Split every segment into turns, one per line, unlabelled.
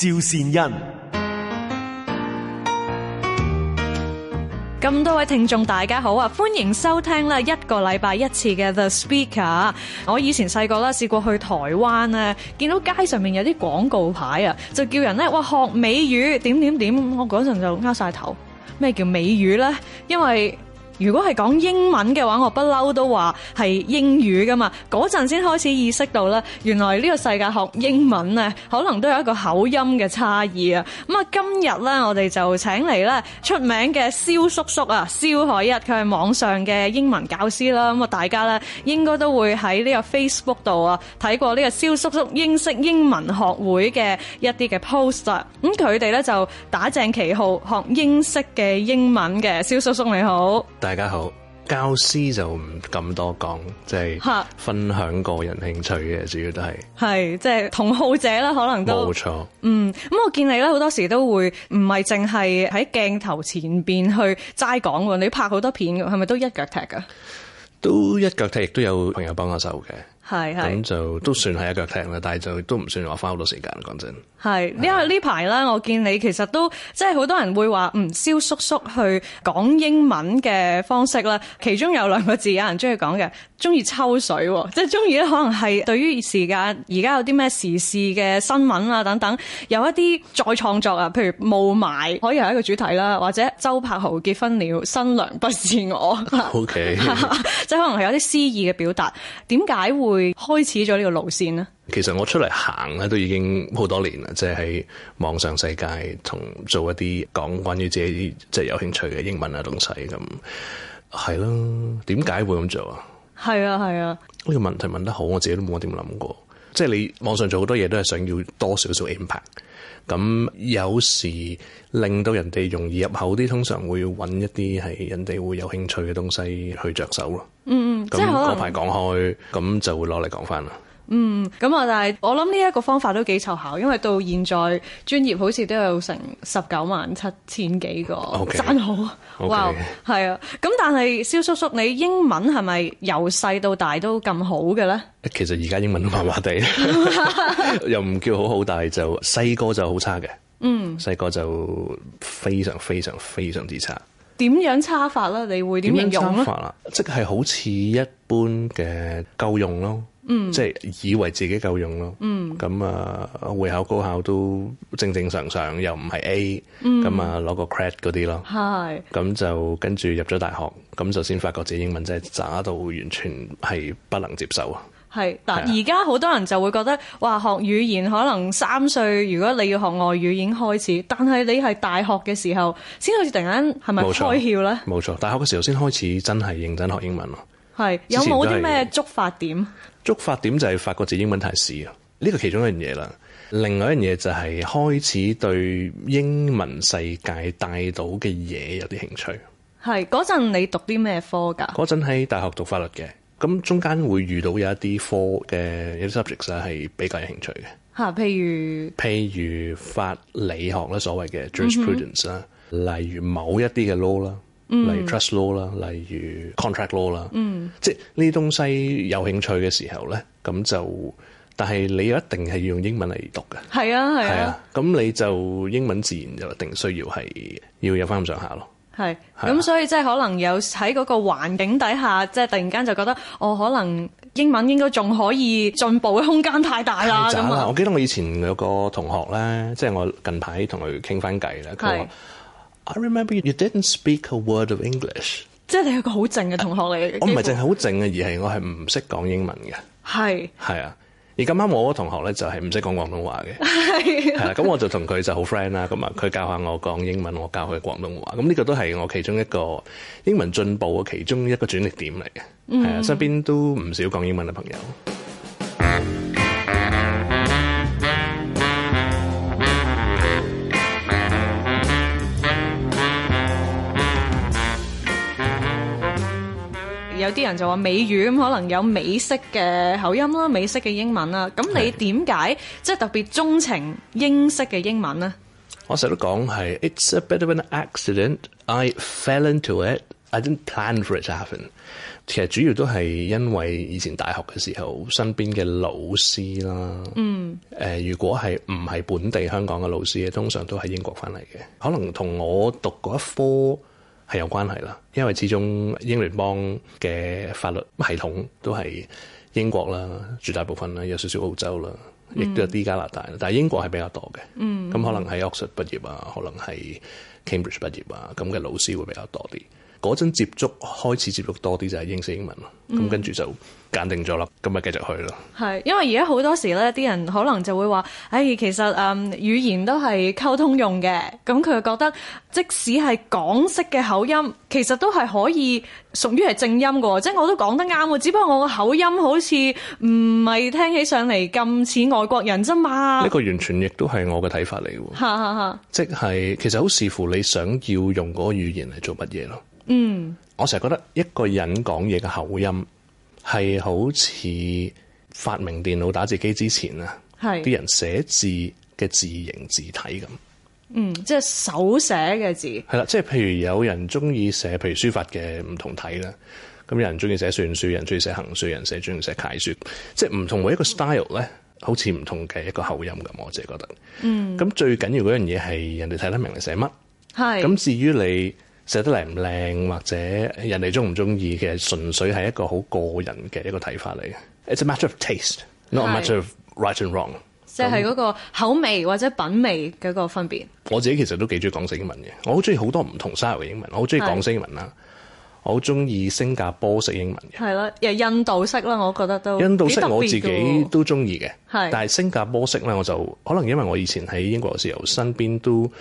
趙善恩，
咁多位聽眾，大家好啊！歡迎收聽啦，一個禮拜一次嘅 The Speaker。我以前細個啦，試過去台灣啊，見到街上面有啲廣告牌啊，就叫人咧，哇學美語點點點，我嗰陣就扼晒頭，咩叫美語咧？因為如果係講英文嘅話，我不嬲都話係英語㗎嘛。嗰陣先開始意識到咧，原來呢個世界學英文呢，可能都有一個口音嘅差異啊。咁啊，今日呢，我哋就請嚟咧出名嘅蕭叔叔啊，蕭愷一，佢係網上嘅英文教師啦。咁啊，大家呢應該都會喺呢個 Facebook 度啊睇過呢個蕭叔叔英式英文學會嘅一啲嘅 post，啊。e 咁佢哋呢就打正旗號學英式嘅英文嘅，蕭叔叔你
好。大家好，教師就唔咁多講，即係分享個人興趣嘅，主要都係
係即係同好者啦，可能都冇錯。錯嗯，咁我見你咧好多時都會唔係淨係喺鏡頭前邊去齋講，你拍好多片嘅，係咪都一腳踢噶？嗯、
都一腳踢，亦都有朋友幫下手嘅，
係係咁
就都算係一腳踢啦。嗯、但係就都唔算話花好多時間講真。
係，因為呢排咧，我見你其實都即係好多人會話唔蕭叔叔去講英文嘅方式啦。其中有兩個字，有人中意講嘅，中意抽水，即係中意咧。可能係對於時間而家有啲咩時事嘅新聞啊等等，有一啲再創作啊。譬如霧霾可以係一個主題啦，或者周柏豪結婚了，新娘不是我。O Okay . K， 即係可能係有啲詩意嘅表達。點解會開始咗呢個路線呢？
其實我出嚟行咧，都已經好多年啦。即係喺網上世界，同做一啲講關於自己即係有興趣嘅英文啊東西咁，係咯。點解會咁做啊？
係啊，係
啊。呢個問題問得好，我自己都冇點諗過。即係你網上做好多嘢都係想要多少少 impact。咁有時令到人哋容易入口啲，通常會揾一啲係人哋會有興趣嘅東西去着手咯。嗯嗯，即係嗰排講開，咁就會攞嚟講翻啦。
嗯，咁、嗯、啊，但係我諗呢一個方法都幾湊巧，因為到現在專頁好似都有成十九萬七千幾個，讚好哇，係啊。咁但係蕭叔叔，你英文係咪由細到大都咁好嘅咧？
其實而家英文都麻麻地， 又唔叫好好，但係就細個就好差嘅。
嗯，細
個就非常非常非常之差。
點樣差法咧？你會點樣用法
咧？即係、就是、好似一般嘅夠用咯。嗯、即係以為自己夠用咯，咁、嗯、啊會考高考都正正常常，又唔係 A，咁、嗯、啊攞個 credit 嗰啲咯。係咁是就跟住入咗大學，咁就先發覺自己英文真係渣到完全係不能接受
啊！係，但而家好多人就會覺得嘩，學語言可能三歲，如果你要學外語已經開始，但係你係大學嘅時候先好似突然間係咪開竅咧？冇
錯，冇錯，大學嘅時候先開始真係認真學英文咯。
係有冇啲咩觸發點？
觸發點就係發覺自己英文太屎啊！呢個其中一樣嘢啦，另外一樣嘢就係開始對英文世界帶到嘅嘢有啲興趣。
係，嗰陣你讀啲咩科㗎？嗰
陣喺大學讀法律嘅，咁中間會遇到一有一啲科嘅一啲 subjects 係比較有興趣嘅。
嚇、啊，譬如
譬如法理學啦，所謂嘅 jurisprudence 啦、嗯哼，例如某一啲嘅 law 啦。例如 trust law 啦，例如 contract law 啦、嗯，即係呢啲東西有興趣嘅時候咧，咁就，但係你一定要用英文嚟讀嘅。係啊，係啊。咁、啊、你就英文自然就一定需要係要有翻咁上下咯。
係是。咁是所以即係可能有喺嗰個環境底下，即係突然間就覺得，哦，可能英文應該仲可以進步嘅空間太大啦。咁啊，麼啊，
我記得我以前有個同學咧，即係我近排同佢傾翻偈咧，佢話 I remember you didn't speak a word of English。
即係你係一個好靜嘅同學嚟。嘅、呃？我唔係淨
係好靜嘅，而係我係唔識講英文嘅。係係是啊。而咁啱我嗰同學咧就係唔識講廣東話嘅。係、啊。係啦、啊。咁、啊、我就同佢就好 friend 啦。咁啊，佢教下我講英文，我教佢廣東話。咁呢個都係我其中一個英文進步嘅其中一個轉捩點嚟嘅。嗯。係啊，身邊都唔少講英文嘅朋友。
有啲人就話美語咁，可能有美式嘅口音啦，美式嘅英文啦。咁你點解即係特別鍾情英式嘅英文呢？
我成日都講係，It's a bit of an accident. I fell into it. I didn't plan for it to happen. 其實主要都係因為以前大學嘅時候，身邊嘅老師啦，嗯，誒，如果係唔係本地香港嘅老師，通常都喺英國翻嚟嘅，可能同我讀嗰一科。係有關係啦，因為始終英聯邦嘅法律系統都係英國啦，絕大部分啦，有少少澳洲啦，亦都有啲加拿大啦，但係英國係比較多嘅。咁、嗯、可能喺 Oxford 畢業啊，可能係 Cambridge 畢業啊，咁嘅老師會比較多啲。嗰陣接觸開始接觸多啲就係英式英文啦，咁跟住就，嗯鑑定咗啦，咁咪繼續去咯。
係，因為而家好多時咧，啲人可能就會話，唉、哎，其實誒、呃、語言都係溝通用嘅。咁佢就覺得，即使係港式嘅口音，其實都係可以屬於係正音嘅。即係我都講得啱喎，只不過我個口音好似唔係聽起上嚟咁似外國人啫嘛。呢個
完全亦都係我嘅睇法嚟
喎。
即係其實好視乎你想要用嗰個語言嚟做乜嘢咯。嗯，我成日覺得一個人講嘢嘅口音。係好似發明電腦打字機之前啊，啲是人寫字嘅字形字體咁，嗯，
即係手寫嘅字，
係啦，即係譬如有人中意寫，譬如書法嘅唔同體啦，咁有人中意寫篆書，人中意寫行書，人寫中意寫楷書，即係唔同每一個 style 咧，嗯，好似唔同嘅一個口音咁，我自己覺得，嗯，咁最緊要嗰樣嘢係人哋睇得明你寫乜，係是，咁至於你。寫得靚唔靚，或者人哋中唔中意嘅，純粹係一個好個人嘅一個睇法嚟嘅。It's a matter of taste, not a matter of right and wrong。
即係嗰個口味或者品味嘅個分別。
我自己其實都幾中意港式英文嘅，我好中意好多唔同 style 嘅英文，我好中意港式英文啦，是我好中意新加坡式英文
嘅。係咯，又印度式啦，我覺得都印度式我
自己都中意嘅。係是，但係新加坡式咧，我就可能因為我以前喺英國嘅時候身邊都。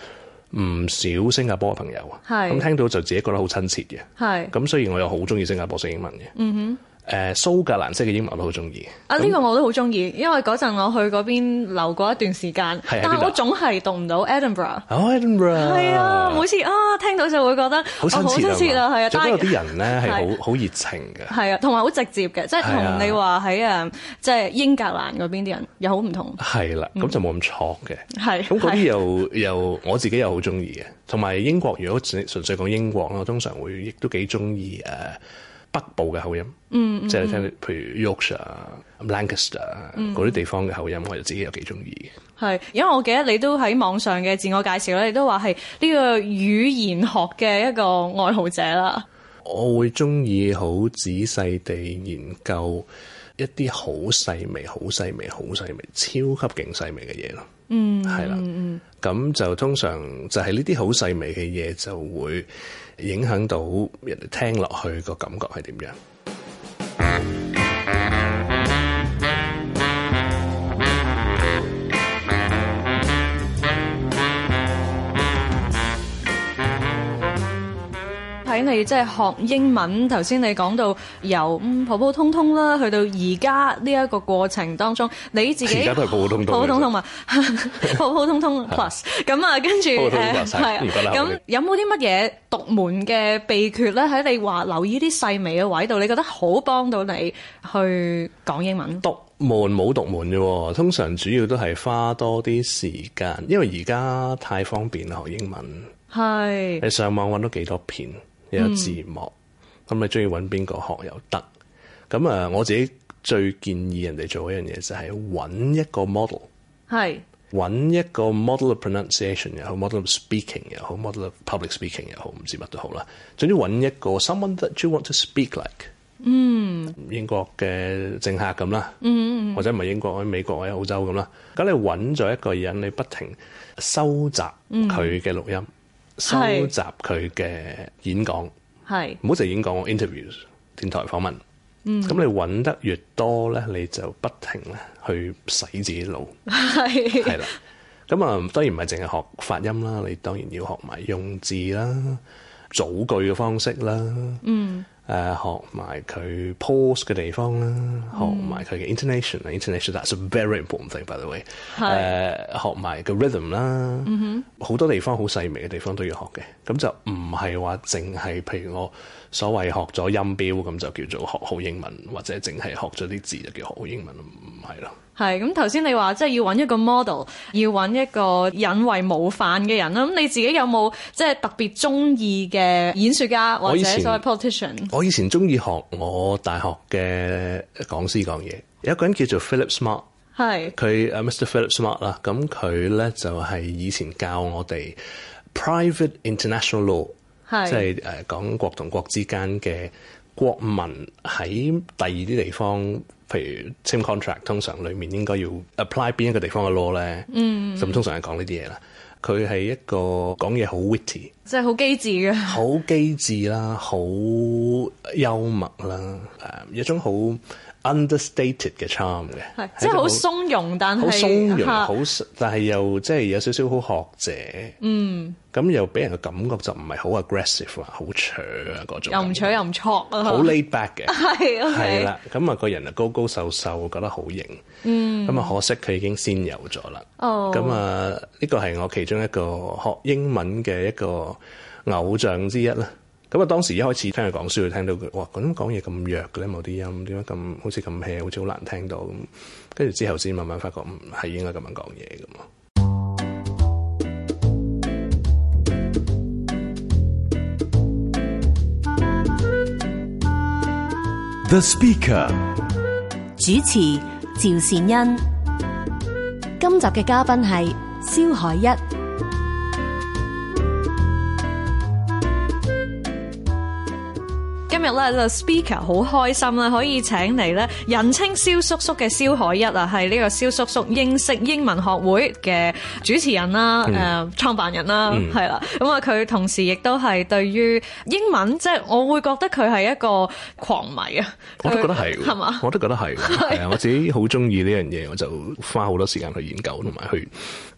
唔少新加坡嘅朋友啊，咁是聽到就自己覺得好親切嘅，咁是雖然我又好中意新加坡式英文嘅。嗯哼。誒蘇格蘭式嘅英文我都好中意啊！呢個
我都好中意，因為嗰陣我去嗰邊留過一段時間，但我總係讀唔到 Edinburgh。
Edinburgh 係啊，每次
啊聽到就會覺得好親切啊，係啊，因為啲
人咧係好好熱情嘅，係
啊，同埋好直接嘅，即係同你話喺啊，即係英格蘭嗰邊啲人又好唔同，
係啦，咁就冇咁錯嘅，
係咁嗰啲
又又我自己又好中意嘅，同埋英國如果純粹講英國啦，我通常會亦都幾中意誒。北部嘅口音，嗯，
嗯即係你聽，
譬如 Yorkshire、嗯、Lancaster 嗰啲地方嘅口音，我哋自己有幾中意
嘅。係，因為我記得你都喺網上嘅自我介紹咧，你都話係呢個語言學嘅一個愛好者啦。
我會中意好仔細地研究一啲好細微、好細微、好細微、好細微、超級勁細微嘅嘢咯。嗯，係啦，嗯嗯，咁就通常就係呢啲好細微嘅嘢就會影響到人哋聽落去個感覺係點樣。
你即係學英文，頭先你講到由、嗯、普普通通啦，去到而家呢一個過程當中，你自己而家都係普，普普通通， 普普通通嘛，普、 嗯、普通通 plus 咁啊，跟住係咁，有冇啲乜嘢獨門嘅秘訣咧？喺你話留意啲細微嘅位度，你覺得好幫到你去講英文？獨
門冇獨門嘅，通常主要都係花多啲時間，因為而家太方便啦學英文，
係是你
上網搵到幾多片。有字幕，咁你中意揾邊個學又得。咁啊，我自己最建議人哋做一樣嘢就係揾一個 model，係揾一個 model of pronunciation 又好，model of speaking 又好，model of public speaking 又好，唔知乜都好啦。總之揾一個 someone that you want to speak like，嗯，英國嘅政客咁啦，嗯，或者唔係英國喺美國或者澳洲咁啦。咁你揾咗一個人，你不停收集佢嘅錄音。收集佢嘅演講，唔好淨係演講，interviews 電台訪問，咁、嗯、你揾得越多咧，你就不停咧去洗自己腦，係啦是。咁啊，當然唔係淨係學發音啦，你當然要學埋用字啦、組句嘅方式啦。嗯。誒、uh, 學埋佢 pause 嘅地方啦，mm. 學埋佢嘅 intonation，intonation that's a very important thing by the way。係。誒學埋個 rhythm 啦，好、mm hmm. 多地方好細微嘅地方都要學嘅，咁就唔係話淨係譬如我所謂學咗音標咁就叫做學好英文，或者淨係學咗啲字就叫學好英文，唔
係咯。係咁，頭先你話即係要揾一個 model，要揾一個引為模範嘅人啦。咁你自己有冇即係特別中意嘅演說家或者所謂 politician？我
以前中意學我大學嘅講師講嘢，有一個人叫做 Philip Smart，係佢誒 Mr Philip Smart 啦。咁佢咧就係、是、以前教我哋 private international law，係是即係誒講國同國之間嘅。國民喺第二啲地方，譬如 same contract，通常裡面應該要 apply 邊一個地方嘅 law 咧。嗯，咁通常係講呢啲嘢啦。佢係一個講嘢好 witty，
即係好機智嘅，
好機智啦，好幽默啦，誒，一種好 Understated 嘅 charm 嘅，即係好從
容，但係好從容，好
但係又即係有少少好學者，嗯，咁又俾人嘅感覺就唔係好 aggressive 啊，好搶嗰種，又
唔搶又唔錯啊，好 laid back 嘅，係哈，係、okay、啦，
咁啊個人啊高高瘦瘦，覺得好型，嗯，咁啊可惜佢已經仙遊咗啦，哦、
嗯啊，咁啊
呢個係我其中一個學英文嘅一個偶像之一啦。咁啊，當時一開始聽佢講書，聽到佢，哇！佢點解講嘢咁弱嘅咧？冇啲音點解咁好似咁 hea 好似好難聽到咁。跟住之後先慢慢發覺，唔係應該咁樣講嘢。咁啊 The speaker
主持趙善恩，今集嘅嘉賓係蕭愷一。今日咧就 speaker 好開心啦，可以請嚟咧人稱蕭叔叔嘅蕭愷一啊，係呢個蕭叔叔英式英文學會嘅主持人啦，誒、嗯，呃、創辦人啦，係啦、嗯。咁啊，佢同時亦都係對於英文，即係我會覺得佢係一個狂迷啊，我都覺得係，係嘛吧，
我都覺得係，係啊吧，我自己好中意呢樣嘢，我就花好多時間去研究，同埋去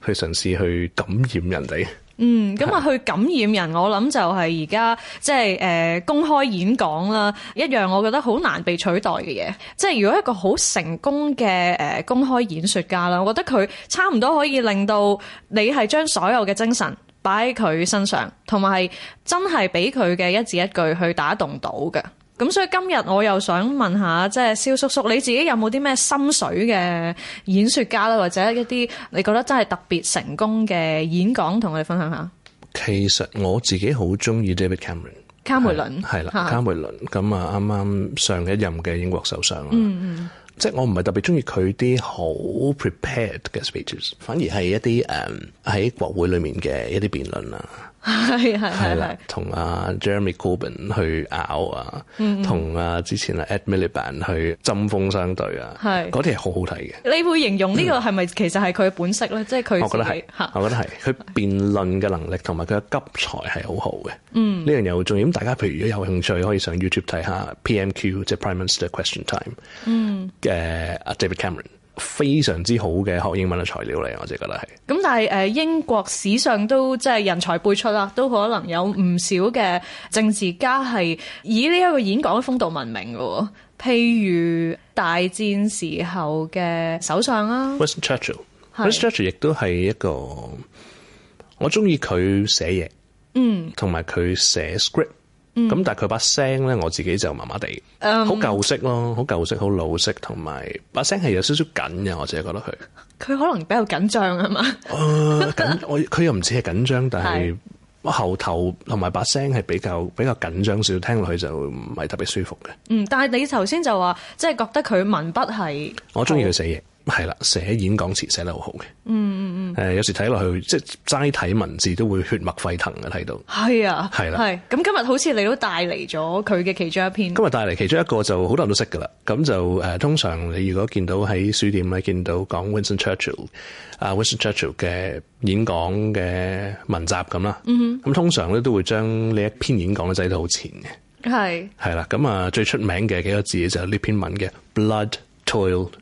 去嘗試去感染人哋。
嗯，咁啊，去感染人，我諗就係而家即係誒、呃、公開演講啦，一樣我覺得好難被取代嘅嘢。即係如果一個好成功嘅誒、呃、公開演說家啦，我覺得佢差唔多可以令到你係將所有嘅精神擺喺佢身上，同埋係真係俾佢嘅一字一句去打動到嘅。咁所以今日我又想問下，即係蕭叔叔，你自己有冇啲咩心水嘅演說家咧，或者一啲你覺得真係特別成功嘅演講，同我哋分享下？
其實我自己好中意 David Cameron。
卡梅倫係啦，卡
梅倫咁啊，啱啱上一任嘅英國首相啦。嗯嗯。即係我唔係特別中意佢啲好 prepared 嘅 speeches，反而係一啲誒喺國會裏面嘅一啲辯論啦。係係係啦，同阿 Jeremy Corbyn 去拗啊，同阿之前阿 Ed Miliband 去針鋒相對啊，嗰啲嘢好好睇嘅。
你會形容呢個係咪其實係佢嘅本色咧？ 即係佢，我覺得係， 我
覺得係，佢辯論嘅能力同埋佢嘅急才係好好嘅。嗯， 呢樣嘢好重要。咁大家譬如如果有興趣，可以上 YouTube 睇下 PMQ，即係 Prime Minister Question Time。嗯，嘅阿 David Cameron。非常之好嘅學英文嘅材料嚟，我哋覺得係
咁。但係誒，英國史上都即係人才輩出啦，都可能有唔少嘅政治家係以呢一個演講嘅風度聞名嘅，譬如大戰時候嘅首相啦、啊、
，Winston Churchill，Winston Churchill 是亦都係一個我中意佢寫嘢，
嗯，
同埋佢寫 script。咁、嗯、但係佢把聲咧，我自己就麻麻地，好、um, 舊式咯，好舊式，好老式，同埋把聲係有少少緊嘅，我自己覺得佢。
佢可能比較緊張啊嘛。
誒，我佢、呃、 又唔似係緊張，但係後頭同埋把聲係比較比較緊張少少，聽落去就唔係特別舒服嘅。
嗯，但係你頭先就話，即、就、係、是、覺得佢文筆係
我中意佢寫嘢。係啦，寫演講詞寫得好好嘅。
嗯嗯
嗯。誒、呃，有時睇落去，即係齋睇文字都會血脈沸騰嘅，睇到。係
啊。係啦了。係。咁今日好似你都帶嚟咗佢
嘅其中一篇。今日帶嚟其中一個就好多人都識噶啦。咁就誒、呃，通常你如果見到喺書店咧見到講 Winston Churchill 啊、呃、Winston Churchill 嘅演講嘅文集咁啦。咁、嗯、哼通常咧都會將呢一篇演講咧寫得好前嘅。係是。係啦，咁、嗯、啊最出名嘅幾個字就係呢篇文嘅 Blood Toil。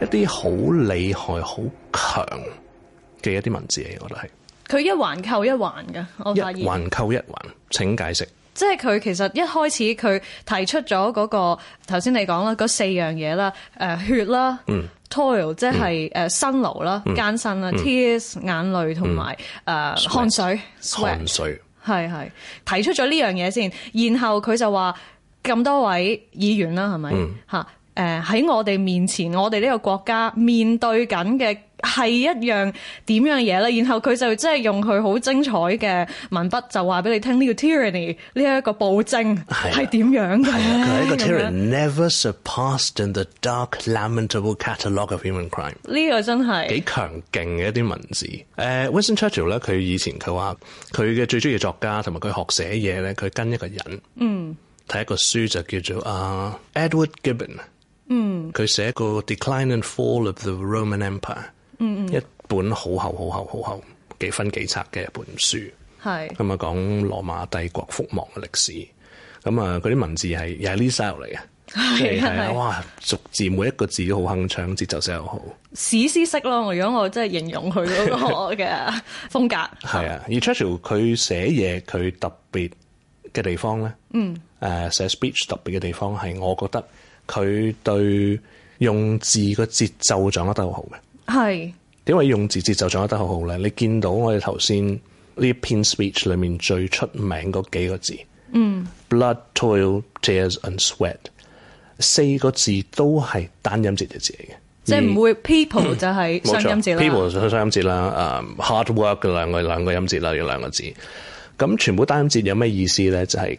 一啲好厲害、好強嘅一啲文字嚟，我覺得係
佢一環扣一環嘅，我發現一環
扣一環，請解釋。
即係佢其實一開始佢提出咗嗰、嗰個頭先你講啦，嗰四樣嘢啦，誒、呃、血啦、嗯、，toil 即係誒辛勞啦、艱辛啦，tears 眼淚同埋誒汗水，汗水係係水提出咗呢樣嘢先，然後佢就話咁多位議員啦，係咪吓？嗯誒喺、呃、我哋面前，我哋呢個國家面對緊嘅係一樣點樣嘢咧。然後佢就真係用佢好精彩嘅文筆就話俾你聽呢個 tyranny 呢一個暴政係點樣嘅。係啊，佢係、啊、一個 tyranny
never surpassed in the dark lamentable catalogue of human crime。
呢個真係幾
強勁嘅一啲文字。誒、uh,，Winston Churchill 咧，佢以前佢話佢嘅最中意嘅作家，同埋佢學寫嘢咧，佢跟一個人，嗯，睇一個書就叫做阿、uh, Edward Gibbon。嗯，佢寫個《Decline and Fall of the Roman Empire》，嗯，嗯，一本好厚、好厚、好厚，幾分，幾冊嘅一本書，係咁啊，講羅馬帝國覆亡嘅歷史。咁、嗯、啊，佢啲文字係又係呢 style 嚟嘅，係是是哇，逐字每一個字都好鏗鏘，節奏寫又好，
史詩式咯。如果我真係形容佢嗰個嘅風格，
係啊吧。而 Churchill 佢寫嘢，佢特別嘅地方咧，
嗯，
誒、嗯，寫、呃、speech 特別嘅地方係我覺得。佢對用字個節奏掌握得好好嘅，係點解用字節奏掌握得好好咧？你見到我哋頭先呢一篇 speech 裏面最出名嗰幾個字，嗯，blood, toil, tears and sweat 四個字都係單音節嘅字嚟嘅，即係唔會
people、嗯、就係雙音節啦 ，people
就係雙雙音節啦，誒 hard work 兩個兩個音節啦，有兩個字，咁全部單音節有咩意思咧？就係、是。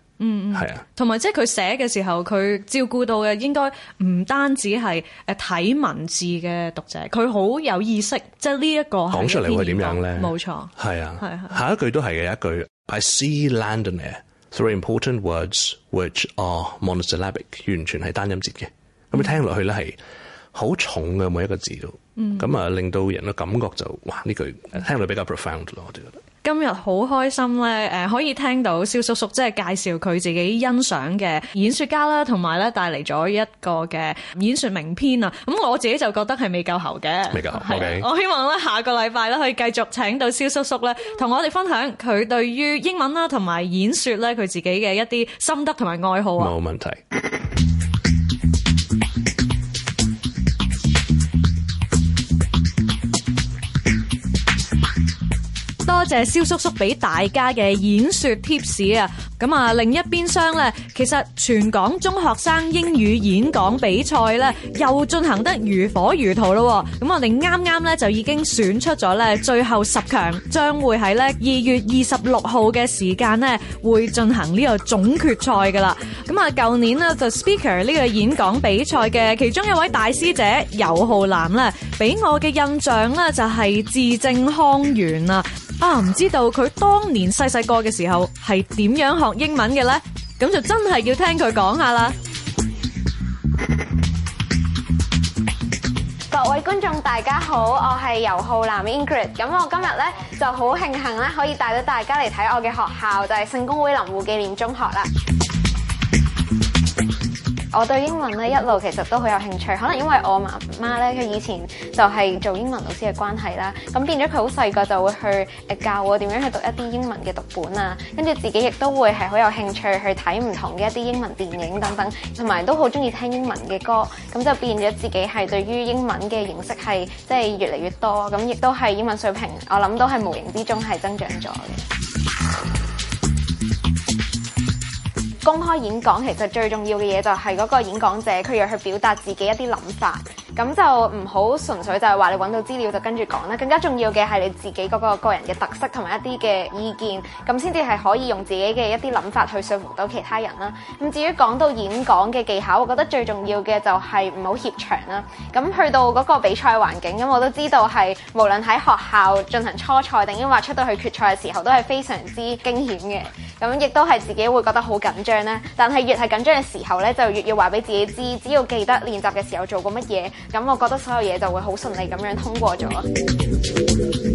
嗯嗯，係啊，
同埋即係佢寫嘅時候，佢照顧到嘅應該唔單止係誒睇文字嘅讀者，佢好有意識，即係呢一個講出嚟會點
樣咧？冇錯錯，係啊，係係、啊，啊、下一句都係嘅一句，I see land in air three important words which are monosyllabic 完全係單音節嘅，咁、嗯、聽落去咧係好重嘅每一個字度，咁啊、嗯、令到人嘅感覺就哇呢句聽落去比較 profound 咯，我覺得。
今日好開心咧，誒可以聽到蕭叔叔即係介紹佢自己欣賞嘅演説家啦，同埋咧帶嚟咗一個嘅演説名篇啊！咁我自己就覺得係未夠喉嘅，未夠喉 Okay. 我希望咧，下個禮拜咧可以繼續請到蕭叔叔咧，同我哋分享佢對於英文啦同埋演説咧，佢自己嘅一啲心得同埋愛好啊。冇問題。 多謝蕭叔叔俾大家嘅演說貼士啊！咁、嗯、啊，另一邊廂呢，其實全港中學生英語演講比賽呢，又進行得如火如荼咯、哦。咁、嗯、我哋啱啱呢，就已經選出咗呢最後十強，將會喺呢二月二十六號嘅時間呢，會進行呢個總決賽噶啦。咁、嗯、啊，舊年呢，就 The Speaker 呢個演講比賽嘅其中一位大師姐尤浩南呢，俾我嘅印象呢，就係、是、字正腔圓啊！啊！唔知道佢當年細細個嘅時候係點樣學英文嘅呢？咁就真係要聽佢講下啦。
各位觀眾大家好，我係游浩南 Ingrid，咁我今日呢就好慶幸呢可以帶咗大家嚟睇我嘅學校，就係聖公會林護紀念中學啦。我對英文呢一路其實都好有興趣，可能因為我媽媽呢佢以前就係做英文老師嘅關係啦，咁變咗佢好細個就會去教我點樣去讀一啲英文嘅讀本啊，跟住自己亦都會係好有興趣去睇唔同嘅一啲英文電影等等，同埋都好中意聽英文嘅歌，咁就變咗自己係對於英文嘅認識係即係越嚟越多，咁亦都係英文水平我諗都係無形之中係增長咗嘅。公開演講其實最重要嘅嘢就係嗰個演講者，佢要去表達自己一啲諗法。咁就唔好純粹就係話你揾到資料就跟住講啦，更加重要嘅係你自己嗰個個人嘅特色同埋一啲嘅意見，咁先至係可以用自己嘅一啲諗法去説服到其他人啦。咁至於講到演講嘅技巧，我覺得最重要嘅就係唔好怯場啦。咁去到嗰個比賽環境，咁我都知道係無論喺學校進行初賽定抑或出到去決賽嘅時候，都係非常之驚險嘅。咁亦都係自己會覺得好緊張啦。但係越係緊張嘅時候呢，就越要話俾自己知，只要記得練習嘅時候做過乜嘢。咁我覺得所有嘢就會好順利咁樣通過咗。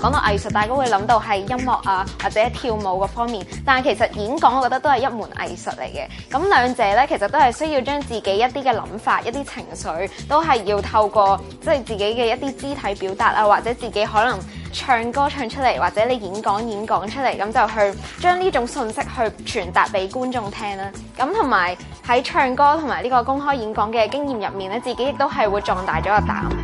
講到藝術，大家會諗到係音樂啊，或者跳舞嗰方面。但係其實演講，我覺得都係一門藝術嚟嘅。咁兩者咧，其實都係需要將自己一啲嘅諗法、一啲情緒，都係要透過即係、就是、自己嘅一啲肢體表達啊，或者自己可能唱歌唱出嚟，或者你演講演講出嚟，咁就去將呢種信息去傳達畀觀眾聽啦。咁同埋喺唱歌同埋呢個公開演講嘅經驗入面咧，自己亦都係會壯大咗個膽。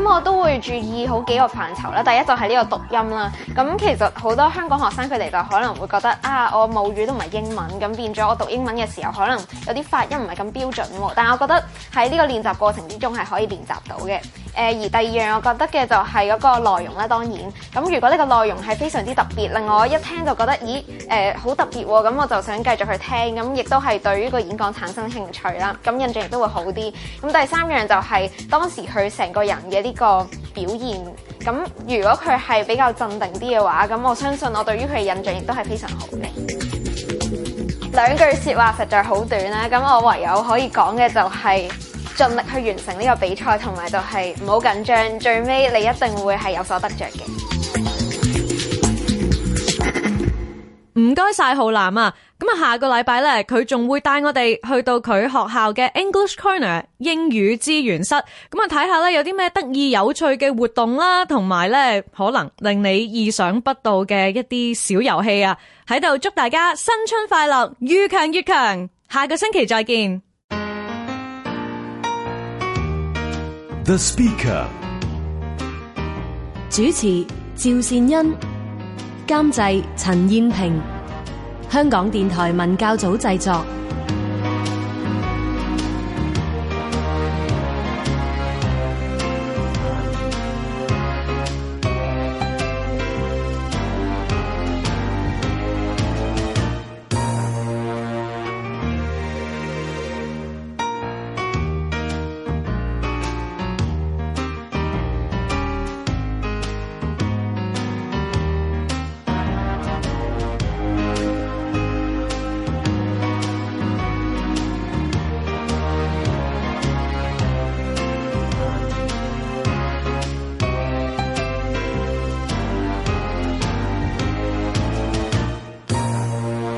咁我都會注意好幾個範疇啦，第一就係呢個讀音啦。咁其實好多香港學生佢哋就可能會覺得啊，我母語都唔係英文，咁變咗我讀英文嘅時候可能有啲發音唔係咁標準，但係我覺得喺呢個練習過程之中係可以練習到嘅。誒、呃，而第二樣我覺得嘅就係嗰個內容啦。當然，咁如果呢個內容係非常之特別，令我一聽就覺得咦誒好、呃、特別、哦，喎，咁我就想繼續去聽，咁亦都係對於個演講產生興趣啦，咁印象亦都會好啲。咁第三樣就係、是、當時佢成個人嘅呢個表現咁，如果佢係比較鎮定啲嘅話，咁我相信我對於佢嘅印象亦都係非常好嘅。兩句說話實在好短啦，咁我唯有可以講嘅就係盡力去完成呢個比賽，同埋就係唔好緊張，最尾你一定會係有所得着嘅。
唔該晒，浩南啊！咁啊，下個禮拜咧，佢仲會帶我哋去到佢學校嘅 English Corner 英語資源室，咁啊睇下咧，有啲咩得意有趣嘅活動啦，同埋咧可能令你意想不到嘅一啲小遊戲啊，喺度祝大家新春快樂，越強越強，下個星期再見。
The Speaker
主持趙善恩，監製陳燕平。香港電台文教組製作。